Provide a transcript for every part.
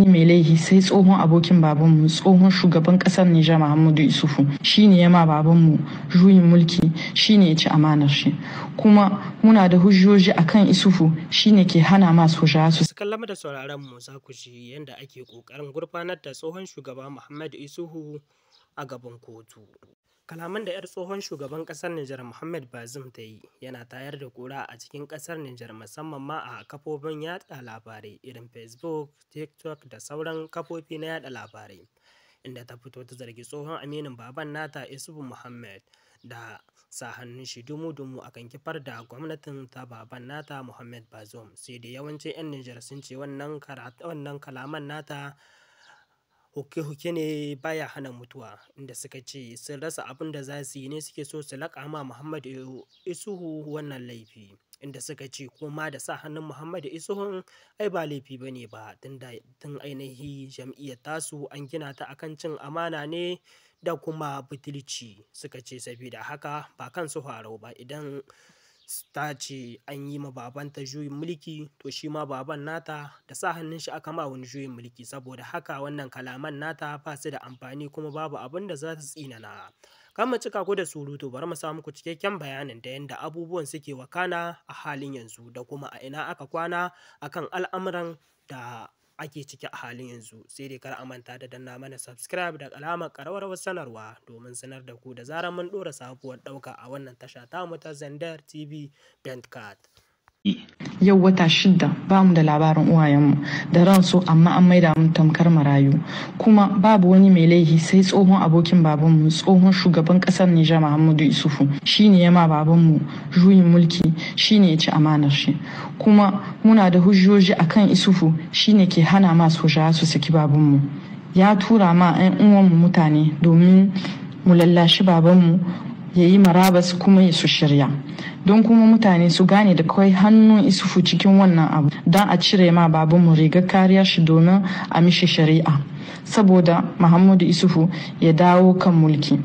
wani mai laihi sai tsohon abokin babanmu tsohon shugaban kasar Nijar Muhammadu Isufu shine ya ma babanmu juyin mulki shine ya ci amanar shi kuma muna da hujjoji akan Isufu shine ke hana ma soja su kallama da sauraron mu za ku ji yanda ake kokarin gurfanar da tsohon shugaba Muhammadu Isufu a gaban kotu kalaman da 'yar tsohon shugaban kasar Nijar Muhammad Bazum ta yi yana tayar da kura a cikin kasar Nijar musamman ma a kafofin yada labarai irin Facebook, TikTok da sauran kafofi na yada labarai. Inda ta fito ta zargi tsohon aminin baban nata Isubu Muhammad da sa hannun shi dumu-dumu kan kifar da gwamnatin ta baban nata Muhammad Bazum sai da yawancin 'yan Nijar sun ce wannan kalaman nata huke-huke ne baya hana mutuwa inda suka ce sun rasa abin da za su yi ne suke so su laƙa ma Muhammad Isuhu wannan laifi inda suka ce koma da sa hannun Muhammad Isuhun ai ba laifi ba ne ba tun ainihi jam'iyyar tasu an gina ta akan cin amana ne da kuma butulci suka ce saboda haka ba kan su faru ba idan ta ce an yi ma babanta juyin mulki to shi ma baban nata da sa hannun shi aka ma wani juyin mulki saboda haka wannan kalaman nata ba su da amfani kuma babu abin da za su tsinana kan mu cika ku da surutu bari mu samu ku cikakken bayanin da yanda abubuwan suke wakana a halin yanzu da kuma a ina aka kwana akan al'amuran da ake ciki a halin yanzu sai dai kar a manta da danna mana subscribe da alamar karawar sanarwa domin sanar da ku da zarar mun ɗora sabuwar ɗauka a wannan tasha tamu ta zandar tv bentcat E. Yau wata shida ba mu da labarin uwayenmu da ran ransu amma an maida mu tamkar marayu. Kuma babu wani mai laihi sai tsohon abokin babanmu tsohon shugaban kasar Nijar Muhammadu Isufu shi ne ya ma babanmu juyin mulki shi ne ya ci amanar shi. Kuma muna da hujjoji akan Isufu shi ne ke hana ma soja su saki babanmu. Ya tura ma 'yan uwanmu mutane domin mu lallashi babanmu ya yi marabas kuma ya su shirya don kuma mutane su gane da kawai hannun isufu cikin wannan abu don a cire ma babanmu rigar kariya shi domin a mishi shari'a saboda muhammadu isufu ya dawo kan mulki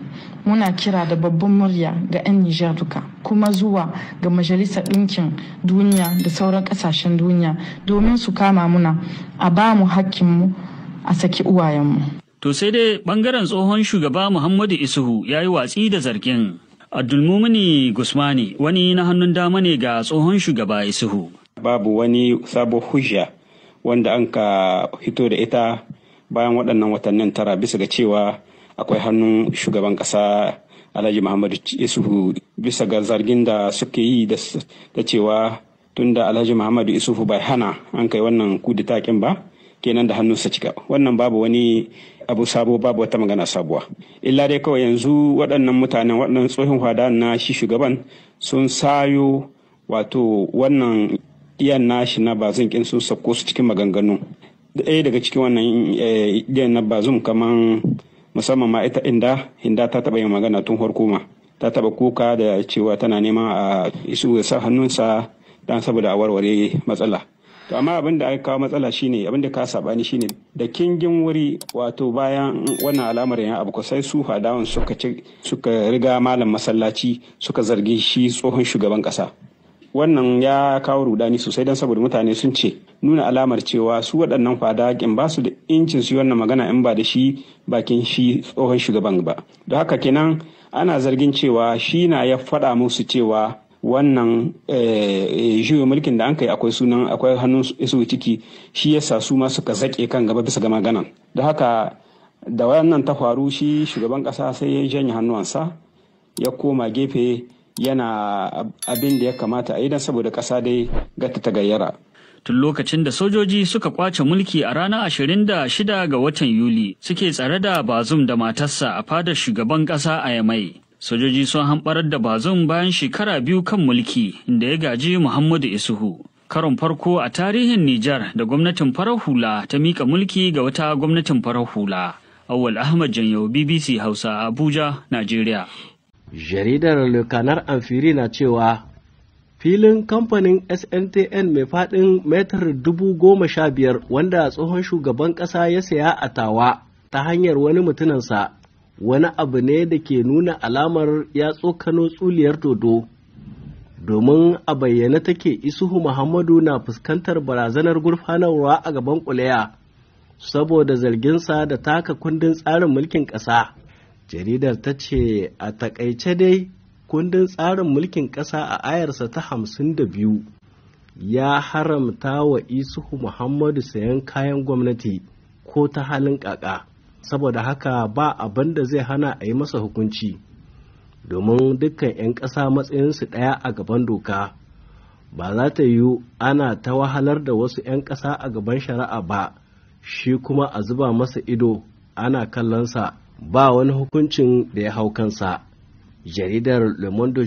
muna kira da babban murya ga 'yan nijar duka kuma zuwa ga majalisar ɗinkin duniya da sauran ƙasashen duniya domin su kama muna a ba mu hakkinmu a saki uwayenmu To sai dai bangaren tsohon shugaba Muhammadu Isuhu ya yi watsi da zargin. Abdulmumini Gusmani wani na hannun dama ne ga tsohon shugaba Isuhu. Babu wani sabon hujja wanda an ka hito da ita bayan waɗannan watannin tara bisa ga cewa akwai hannun shugaban ƙasa Alhaji Muhammadu Isuhu bisa ga zargin da suke yi da cewa tunda Alhaji Muhammadu Isuhu bai hana an kai wannan kuditakin ba. kenan da hannunsa cika wannan babu wani abu sabo babu wata magana sabuwa illa dai kawai yanzu waɗannan mutanen waɗannan tsohon hada na shi shugaban sun sayo wato wannan iyan nashi na bazin kin sun sako su cikin maganganu ɗaya daga cikin wannan eh, iyan na bazin kaman musamman ma ita inda inda ta taɓa yin magana tun farko ma ta taɓa kuka da cewa tana neman a isu sa hannunsa dan saboda a warware matsala to amma abin da aka kawo matsala shine abin da ka sabani shine da kingin wuri wato bayan wannan alamar ya abu sai su fadawan suka ci suka riga malam masallaci suka zargi shi tsohon shugaban kasa wannan ya kawo rudani sosai don saboda mutane sun ce nuna alamar cewa su waɗannan fadakin ba su da incin su wannan magana in ba da shi bakin shi tsohon shugaban ba don haka kenan ana zargin cewa shi na ya faɗa musu cewa wannan eh, juyo mulkin da an kai akwai sunan akwai hannun isu ciki shi yasa su ma suka zaƙe kan gaba bisa ga maganan da haka da wannan ta faru shi shugaban ƙasa sai ya janye hannuwansa ya koma gefe yana abin da ya kamata a idan saboda ƙasa dai gata ta gayyara tun lokacin da sojoji suka kwace mulki a ranar 26 ga watan Yuli suke tsare da Bazum da matarsa a fadar shugaban ƙasa a Yamai. Sojoji sun hamɓarar da bazun bayan shekara biyu kan mulki da ya gaji Muhammadu Isuhu. Karon farko a tarihin Nijar da gwamnatin farar hula ta mika mulki ga wata gwamnatin farar hula. Awal Ahmad Janyo BBC Hausa Abuja, Najeriya. Jaridar Lukanar Amfiri na cewa filin kamfanin SNTN mai faɗin metar dubu goma sha biyar wanda tsohon shugaban ƙasa ya saya a tawa ta hanyar wani mutuninsa wani abu ne da ke nuna alamar ya tsokano tsuliyar dodo domin a bayyane take isuhu muhammadu na fuskantar barazanar gurfanarwa a gaban kuleya saboda zarginsa da taka kundin tsarin mulkin ƙasa jaridar ta ce a takaice dai kundin tsarin mulkin ƙasa a ayarsa ta hamsin da biyu ya haramta wa isuhu muhammadu sayan kayan gwamnati ko ta halin ƙaƙa. saboda haka ba abin da zai hana a yi masa hukunci domin dukkan 'yan ƙasa matsayinsu ɗaya a gaban doka ba za ta yiwu ana ta wahalar da wasu 'yan ƙasa a gaban shari'a ba shi kuma a zuba masa ido ana kallonsa ba wani hukuncin da ya hau kansa jaridar le